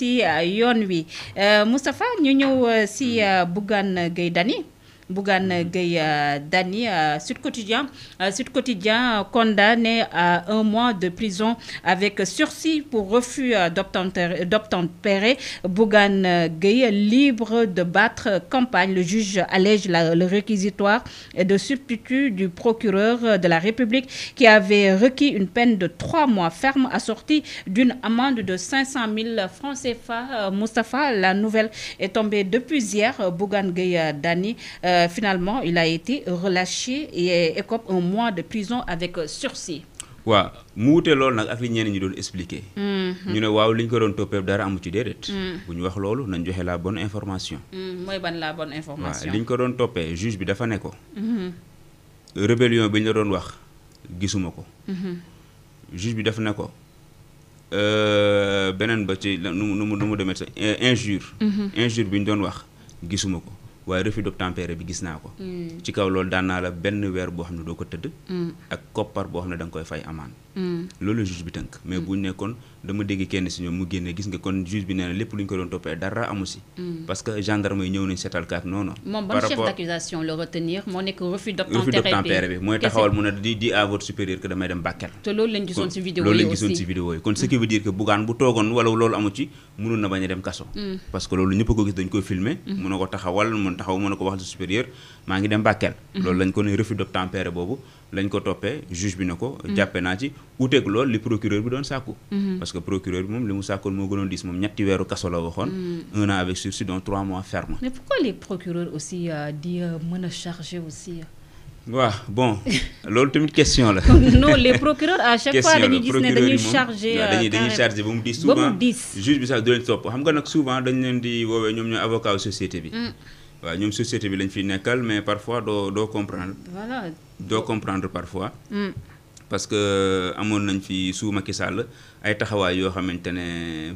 ci euh, yoon wi euh, Moustapha ñu ñëw ci euh, Bougane Gueye Dany Bougan mhm. Gueye euh, Dani, euh, Sud Quotidien euh, Sud Quotidien condamné à un mois de prison avec sursis pour refus d'obtempérer Bougan Gueye libre de battre campagne le juge allège le réquisitoire de substitut du procureur de la République qui avait requis une peine de trois mois ferme assortie d'une amende de 500 000 francs CFA Moustapha la nouvelle est tombée depuis hier Bougan Gueye Dani. Euh, finalement, il a été relâché et écope un mois de prison avec sursis. Wa, mouté lol vais ak li vais ñi expliquer. Mhm. ñu ne waaw dara mhm. la bonne information. Mhm, la bonne information. juge bi dafa rébellion juge bi dafa euh, ba ci injure. waaye refus d'obtempérer bi gis naa ko. Mm. ci kaw loolu daan la benn weer boo xam ne doo ko tëdd. Mm. ak koppar boo xam ne da nga koy fay amaan. Mm. loolu la bi tënk mais bu ñu nekkoon dama dégg kenn si ñoom mu que gis juge na lépp ko doon dara si. Mm. parce que gendarme yi ñëw non non. chef d'accusation le retenir moo nekk refus taxawal mu à votre supérieur que dem te loolu lañ vidéo yi loolu vidéo ce mm. qui veut dire que bu wala loolu na mm. parce que loolu ñëpp ko gis dañ filmer ko taxawal taxaw supérieur ngi dem mm-hmm. loolu lañ ko ne refus lañ ko toppee juge bi ne ko mm-hmm. jàppe naa ci uteeg loolu li procureur bi doon sàkku mm-hmm. parce que procureur bi moom li mu sàkkoon moo gënoon diis moom ñetti weeru kaso la waxoon mm-hmm. un an avec sursis donc trois mois ferme mais pourquoi les procureurs aussi euh, di euh, mën a charger aussi waaw bon loolu tamit question la. non les procureurs à chaque fois dañuy gis ne dañuy charger. Euh, dañuy dañuy charger ba mu diis souvent ba mu diis juge bi sax du leen topp xam nga nag souvent dañ leen di woowee ñoom ñooy avocat société bi. Mm. waaw ñoom société bi lañ fi nekkal mais parfois doo doo comprendre. voilà doo comprendre parfois. Mm. parce que amoon nañ fi sous Macky Sall ay taxawaay yoo xamante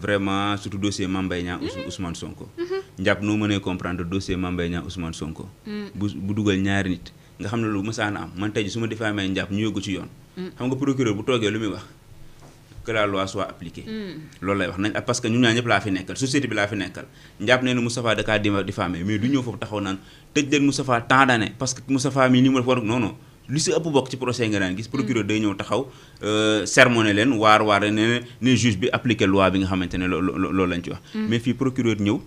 vraiment surtout dossier Mame Mbaye Niang mm-hmm. Ousmane Sonko. Mm-hmm. njàpp no mënee comprendre dossier Mame Niang Ousmane Sonko. Mm. bu bu dugal ñaari nit nga xamna ne lu mësaan am man tay ji su ma ñap ñu yóbbu ci yoon. Mm. xam nga procureur bu toge lu mi wax. que la loi soit appliquée. loolu lay wax nañ parce que ñun ñaa ñëpp laa fi nekkal société bi la fi nekkal ñap neenu Moustapha da kaa diffamé mais du ñeu fofu taxaw nan tëj leen Moustapha tant d'années parce que Moustapha mi ni mo def war non non lu si ëpp bokk ci procès nga daan gis. Mm. procureur day ñëw taxaw euh, sermoné leen waar waar ne ne juge bi appliqué loi bi nga xamante ne loolu lañ ci wax. Mm. mais fii procureur ñëw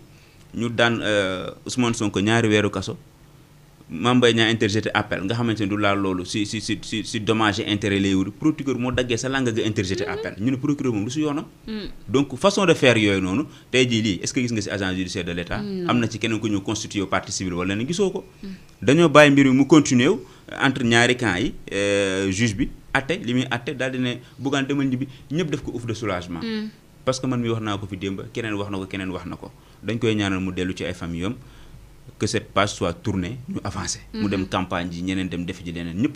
ñu daan euh, Ousmane Sonko ñaari weeru kaso. Mame Mbaye Niang interjeté appel nga xamante ne du laal loolu si si si si si dommage intérêt lay procureur moo daggee sa langue nga interjeté mm-hmm. appel ñu ne procureur moom lu si yoonam. Mm. donc façon de faire yooyu noonu tey jii lii est-ce que gis nga si agent judiciaire de l'État. am na ci keneen ku ñu constitué partie civile wala ne gisoo ko. dañoo bàyyi mbir mi mu continué entre ñaari camps yi euh, juge bi atte li muy de soulagement. Mm. parce que man mi wax fi démb keneen wax na ko dañ koy ñaanal que cette page soit tournée ñu avancer mm-hmm. campagne ji dem ji mm-hmm.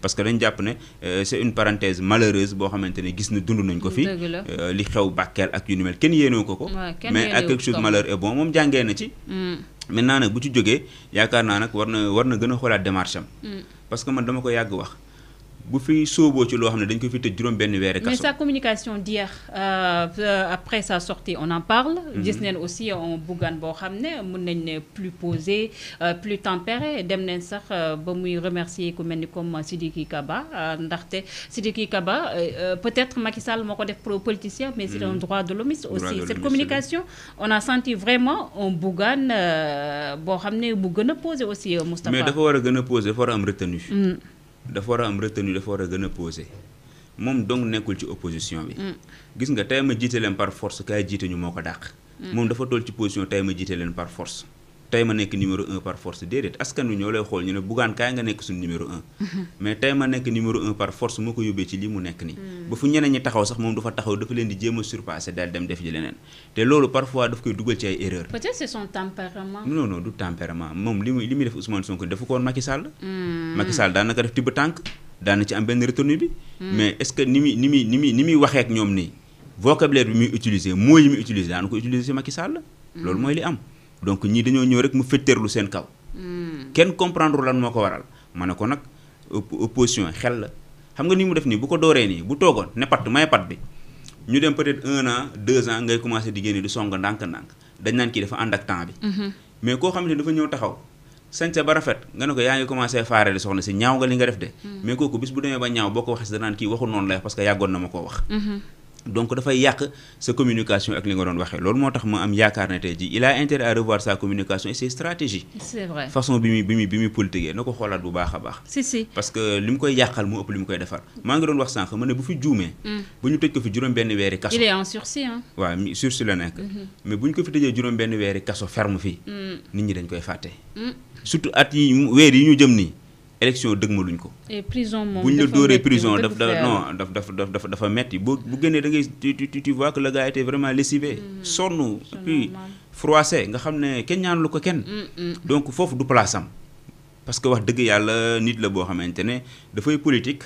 parce que dañ euh, c'est une parenthèse malheureuse gis dund nañ ko mais quelque chose malheur est bon maintenant nag bu ci jógee yaakaar naa nag war na war na gën a xoolaat démarche am. Mm. parce que man dama ko yàgg wax. bu fi ci dañ fi benn mais sa communication d'hier euh, euh, après sa sortie on en parle. Mm-hmm. gis neen aussi on bougan bo xam ne nañ ne plus posé euh, plus tempéré dem neen sax ba muy remercier ku mel comme Sidiki Kaba ndaxte Sidiki Kaba peut-être Macky Sall moo def pro politicien. mais c'est un mm-hmm. droit de l'homme aussi cette communication on a senti vraiment un bougan bo xam ne bu gën a posé aussi Mustafa. mais dafa on a gën a posé dafa il faut a am retenu dafa war a je posé donc opposition bi. Mm. gis nga me par force je jiite ñu moo ko mon mm. moom je me ci position par force tay ma nek numéro 1 par force déedéet askan wi ñoo ñu ne Bougane kay nga nek numéro 1 mais tay ma nek numéro 1 par force moo yobé ci li mu nek ni hmm. ba fu ñeneñ ñi taxaw sax du fa taxaw dafa leen di a dal dem def ji té lolu parfois daf koy duggal ci ay peut-être c'est son tempérament non non du tempérament mom li muy def Ousmane Sonko dafa ko Macky Sall hmm. Macky Sall naka def tibb da na ci am benn retourné bi hmm. mais est-ce que ni ni nous, ni ni ak ñom que vocabulaire bi muy utiliser moy yi muy utiliser da naka utiliser Macky Sall lolu li am donc nous dañoo ñëw rek mu les seen kaw. Hmm. kenn comprendre lan moo ko waral ne ko nag opposition xel la xam nga ni mu def nii bu ko bu ne pat may pat bi ñu dem peut-être un an deux ans ngay commencé di génne di song ndànk-ndànk dañ naan kii dafa ànd ak temps mm-hmm. mais koo xam ne dafa ñëw taxaw. sañse ba rafet nga ne ko yaa ngi commencé à soxna si ñaaw nga li nga def de. Mm-hmm. mais kooku bis bu demee ba ñaaw boo ko waxee si danaan kii parce que yàggoon na ma wax. Mm-hmm donc y a sa communication avec les gens. doon il a intérêt à revoir sa communication et ses stratégies. c'est vrai façon bi façon, bi politique. bi na si si parce que ce koy yakal c'est ëpp koy Je ne bu pas si je Si ko fi il est en sursis hein. sursis mm-hmm. mais si kaso ferme fii. Hmm. nit ñi dañ hmm. surtout at yi élection dëgmaluñ ko. et prison mom bu ñu la dóoree prison daf dafa non daf dafa dafa dafa metti bu bu da ngay tu tu vois que le gars était vraiment lessivé. Mm-hmm. sonn puis froissé nga xamné ne kenn ñaanlu ko kenn. donc fofu du place am. parce que wax dëgg yàlla nit la boo xamante ne dafay politique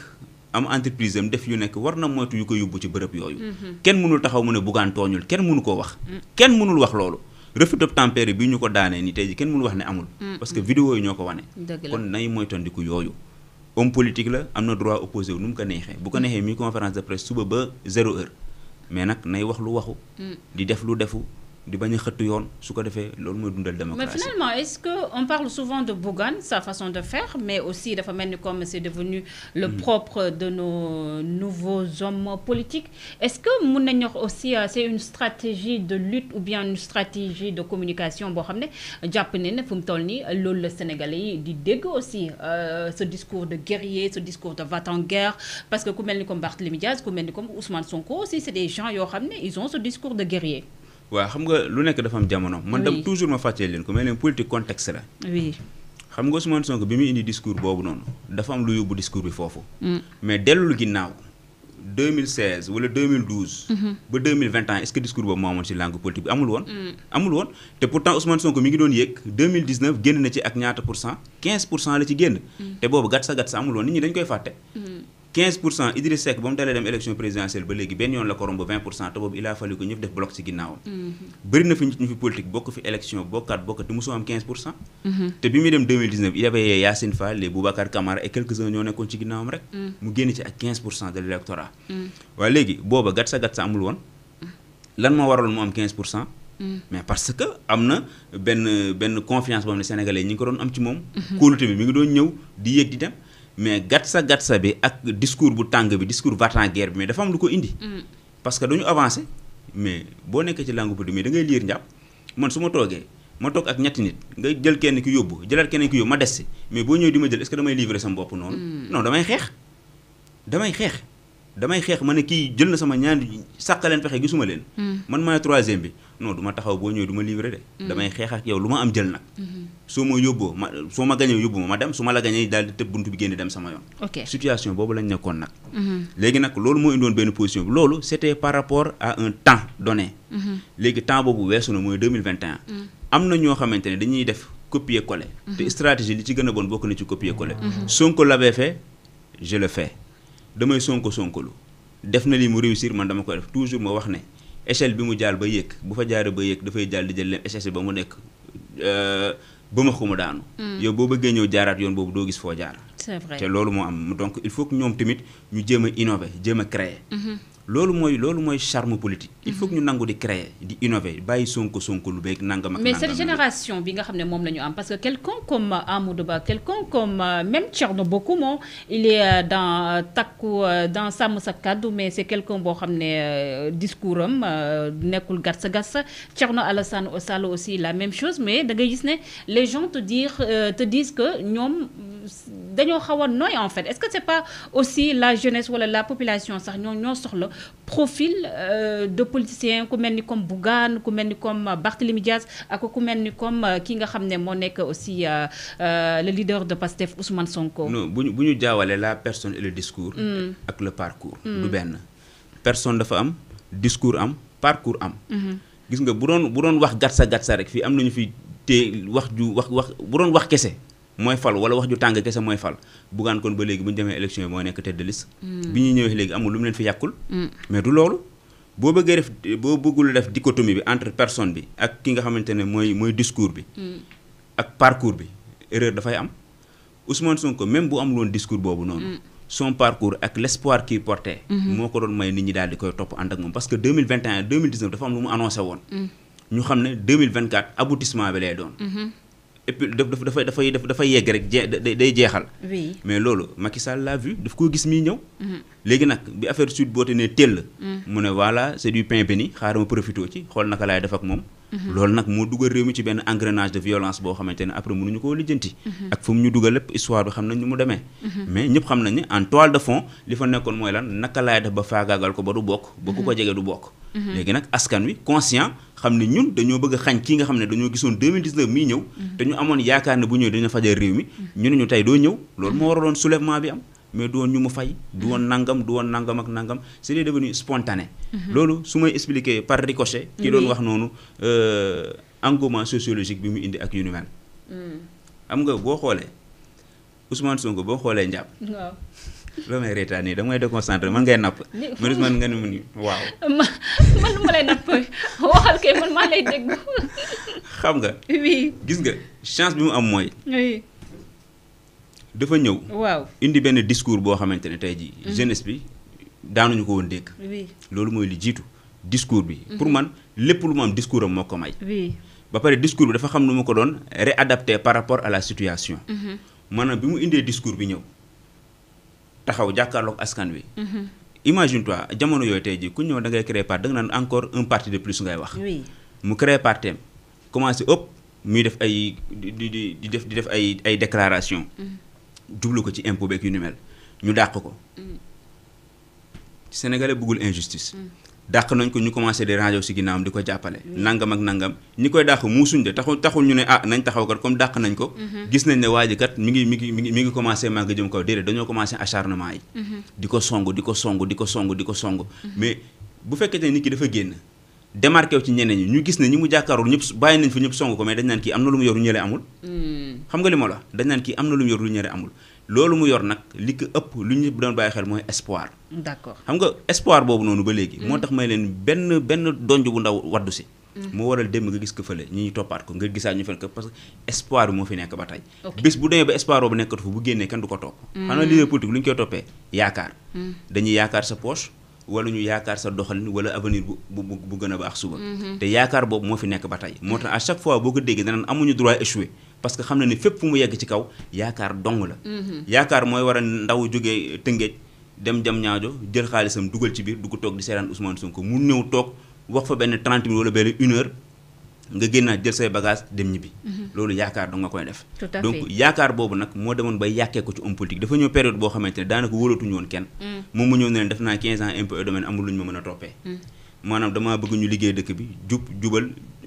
am entreprise am def yu nekk war na moytu yu ko yóbbu ci bërëb yooyu. Mm-hmm. kenn mënul taxaw mu ne buggaan tooñul kenn mënu koo wax. Mm. kenn mënul wax loolu. refus d'obtempérer bi ñu ko daanee ni tey ji kenn mënu wax ne amul mm, mm. parce que yi ñoo ko wane kon nay moytandiku yooyu homme politique la am na droit opposé wu nu mu ko neexee bu ko mm. neexee mi conférence de presse suba ba zéro heure mais nag nay wax lu waxu di def lu defu mais finalement est ce que on parle souvent de Bougan, sa façon de faire mais aussi de melni comme c'est devenu le mm. propre de nos nouveaux hommes politiques est ce que mon aussi euh, c'est une stratégie de lutte ou bien une stratégie de communication bo xamné japp Sénégalais di aussi euh, ce discours de guerrier ce discours de va en guerre parce que comme Barthélémy Diaz comme Ousmane Sonko aussi c'est des gens qui ils ont ce discours de guerrier waaw xam nga lu nekk dafa am jamono. man tam toujours ma fàccee leen ko mais leen politique contexte la. oui xam nga Ousmane Sonko bi muy indi discours boobu noonu dafa am lu yóbbu discours bi foofu. Mm. mais dellul ginnaaw 2016 wala 2012. Mm-hmm. ba 2021 est ce que discours boobu moo amoon ci langue politique bi amul woon. Mm. amul woon te pourtant Ousmane Sonko mi ngi doon yéeg 2019 génn na ci ak ñaata pour cent 15 pour cent la ci génn. Mm. te boobu gàtt sa gàtt sa amul woon nit ñi dañ koy fàtte. 15 Idriss Seck bam dalé dalee dem élection présidentielle ba légui benn yon la ko romb 20 pour bob il a fallu ko ñëf def bloc ci ginnaawam. Mm-hmm. bëri na fi ñu fi politique bokk fi élection bokkaat bokkati musu am 15 hmm té bi mi dem 2019 il y avait Yassine Fall les Boubacar Camara et quelques uns ñoo nekkoon ci ginnaawam rek. Mm. mu génn ci ak 15 de l'électorat. hmm wa légui booba gatsa gatsa gat sa amul woon mm. lan mo waraloon mo am 15 mm. mais parce que amna ben ben confiance bo xam sénégalais ñi ko doon am ci moom. Mm-hmm. kóolute bi mi ngi doon ñëw di yéeg di dem mais gatsa gatsa bi ak discours bu tang bi discours va guerre mais dafa am lu indi. Mm. parce que nous avançons. mais si nek ci langue bu mais da ngay lire ñap man suma ma tok ak ñetti nit nga jël kenn ki yobbu kenn ki ma mais bo ñew di ma est-ce que damay livrer mm. non damay damay damay xeex mané ki jël na sama ñaari sàqaleen pexe gisuma len hmm. man maay troisième bi non duma taxaw bo ñew duma livrer dé de. Hmm. damay xeex ak yow luma am jël nak suma hmm. yobbo suma gagné soo ma dem suma la gagné dal te buntu bi génne dem sama yoon. situation bobu lañ nekkon nak légui nak loolu moo indone benn position bi loolu c' par rapport à un temps donné. légui temps bobu weesu na mooy 2021. amna ño ñoo dañuy def copier coller. te stratégie li ci gëna bon bokku na ci copier coller. Sonko l'avait fait je le fais damay sonko sonkolu def na li mu réussir man dama ko def toujours ma wax ne échelle bi mu jaal ba yéeg bu fa jaaree ba yéeg dafay jaal di jël leen échelle ba mu nekk euh, ba ma ko daanu. Hmm. yow boo bëggee ñëw jaaraat yoon boobu doo gis foo jaar. c'est vrai te loolu moo am donc il faut que ñoom tamit ñu jéem a innover jéem a créer. Mm-hmm lolu moy lolu moy charme politique il faut que ñu nangu di créer di innover bàyyi sonko sonko lu beeg nangam ak mais cette génération bi nga xamné mom lañu am parce que quelqu'un comme Amadou Ba quelqu'un comme euh, même Tcherno Bocoum il est euh, dans euh, takku dans sam sa kàddu mais c'est quelqu'un bo xamné ne discours am nekkul gatsa gatsa Tcherno Alassane Ossalo aussi la même chose mais da ngay gis né les gens te dire te disent que ñom dañoo xaw a en fait est-ce que c'est pas aussi la jeunesse wala la population sax ñoo ñoo soxla profil euh, de politicien ku mel ni comme bougan ku mel ni comme Barthélémy Diaz ak ku mel ni comme euh, ki nga xam ne moo nekk aussi euh, le leader de Pastef Ousmane Sonko. non bu ñu bu ñu jaawalee la personne et le discours. Mm. ak le parcours. Mm. du benn personne dafa am discours am parcours am. Mm-hmm. gis nga bu doon bu doon wax gatsa gatsa rek fii am nañu fi te wax ju wax wax bu doon wax kese. mooy fal wala wax ju tàng kese mooy fal buggaan kon ba léegi bu ñu demee élection yi mooy nekk tête de liste. Hmm. bi ñuy ñëwee léegi amul lu mu leen fi yàqul. Hmm. mais du loolu boo bëggee def boo bëggul def dichotomie bi entre personne bi ak ki nga xamante ne mooy mooy discours bi. Hmm. ak parcours bi erreur dafay am Ousmane Sonko même bu amul woon boobu noonu. son parcours ak l' espoir qu'il moo ko doon may nit ñi daal koy topp ànd ak moom parce que 2021 2019 et puis il faut faire yegg rek day oui mais loolu Macky l'a vu daf koo gis ñëw. Mhm. léegi nag bi sud mhm. c'est du pain béni ci naka def ak mhm. dugal ci engrenage de violence après mais en toile de fond li fa lan naka ko ba du ko du conscient. xam ne ñun dañoo bëgg a xañ kii nga xam ne dañoo gisoon 2019 mii ñëw te mm-hmm. ñu amoon yaakaar ne bu ñëw dina fajal réew mi mm-hmm. ñu ne ñu tey doo ñëw mm-hmm. loolu moo waraloon soulèvement bi am mais du woon ñu mu fay du woon nangam du woon nangam ak nangam c'est devenu spontané loolu su may expliquer par ricochet ki doon wax noonu euh, engouement sociologique bi mu indi ak yu ni mel mm. am nga boo xoolee Ousmane Sonko boo xoolee njàpp loo may reetaan nii damay déconcentré man ngay man nga ni mu ni nga. gis nga chance bi am mooy. dafa ñëw. waaw indi benn discours boo xamante ne tey jii. Mm. jeunesse bi daanuñu ko woon dégg. loolu mooy li jiitu discours bi. Mm-hmm. pour man lépp lu mu am discours am moo ko may. ba pare discours bi dafa xam nu mu ko doon réadapté par rapport à la situation. Mm-hmm. maanaam bi mu indee discours bi ñëw. taxaw jàkkaarloog askan wi. Mhm. imagine toi jamono yoy tay ji ku ñëw da ngay créer parti da nga encore un parti de plus ngay wax. oui mu créer parti commencé op muy def ay di di di def di def ay ay déclaration mhm. jublu ko ci impôt beeg yu ni mel ñu dakk ko. Mhm. Sénégalais bëggul injustice. dàq nañ ko ñu commencé di rajo si ginnaawam di ko jàppale. nangam ak nangam ñi koy dàq muusuñ de taxul taxul ñu ne ah nañ taxaw kat comme dàq nañ ko. Mm-hmm. gis nañ ne waa ji kat mi ngi mi ngi mi ngi mi ngi commencé màgg jëm kaw déedéet dañoo commencé acharnement yi. Mm-hmm. di ko song di ko song di ko song di ko song. Mm-hmm. mais bu fekkee ne nit ki dafa génn démarqué wu ci ñeneen ñi ñu gis ne ñu mu jàkkaarul ñëpp bàyyi nañ fa ñëpp song ko mais dañ naan kii am na lu mu yor ñële amul. Mm. xam nga li ma la dañ naan kii am na lu mu yor lu ñële amul loolu mu yor nag li ko ëpp lu ñu doon bàyyi xel mooy espoir. d'accord xam nga espoir boobu noonu ba léegi. moo mm. tax may leen benn benn donj bu ndaw waddu si. Mm. moo waral dem nga gis ko fële ñi ñuy toppaat ko nga gisaa ñu fen ko parce que espoir bi moo fi nekk ba tey. bis bu demee ba espoir boobu nekkatu fa bu génnee kenn du ko topp. Mm. xanaa leader politique lu ñu koy toppee yaakaar. dañuy yaakaar sa poche. wala ñu yaakaar sa doxalin wala avenir bu bu bu gën a baax suba. Mm-hmm. te yaakaar boobu moo fi nekk ba tey. moo tax à chaque fois boo ko déggee danañ amuñu droit échouer. parce que xam na ni fépp fu mu yegg ci kaw yaakaar dong la. Mhm. yaakaar mooy war a ndaw jógee Tëngéej dem jam ñaajo jël xaalisam dugal ci biir dugg toog di seetaan Ousmane Sonko mu ñëw toog wax fa benn 30 minutes wala benn une heure nga génnaat jël say bagage dem ñibbi. Mhm. loolu yaakaar du nga koy def. donc yaakaar boobu nag moo demoon bay yàqee ko ci homme politique dafa ñëw période boo xamante ne daanaka wóolatuñu woon kenn. Mm. moom mu ñëw ne leen def naa 15 ans impôt et domaine amul lu a mm. bëgg ñu liggéey dëkk bi jub jubal.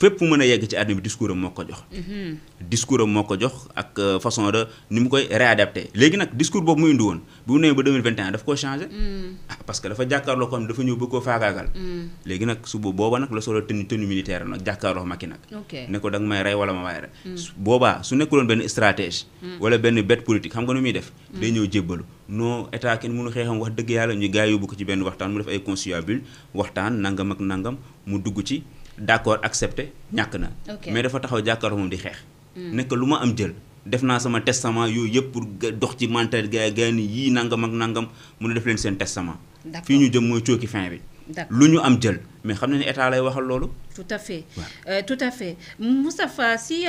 fépp mu mën a yegg ci àdduna bi discours am moo ko jox. Mhm. discours am moo ko jox ak euh, façon de ni mu koy réadapté léegi nag discours boobu mu indi woon bu mu nee ba 2021 daf koo changé. Mhm. ah parce que dafa jàkkaarloo ko xam dafa ñëw bëgg koo faagaagal. Mhm. léegi nag suba booba nag la solo tenue tenue militaire nag jàkkaarloo Macky nag. ne ko danga may rey wala ma may rey. boobaa su nekkuloon benn stratège. wala benn bête politique xam nga nu muy def. day ñëw jébbalu non état kenn mënu xeexam wax dëgg yàlla ñu gars yóbbu ko ci benn waxtaan mu def ay conciliabule nangam ak nangam mu dugg ci. d'accord accepté ñak na. mais dafa taxaw jàkkaarloo moom di xex nekk lu ma am jël def na sama testament yoy yep pour dox ci mental gars yi ni yii nangam ak nangam mu ne def len sen testament. fi ñu jëm moy cooki fin bi. lu ñu am jël mais xam na ne état lay waxal lolu tout à fait tout à fait Moustapha si.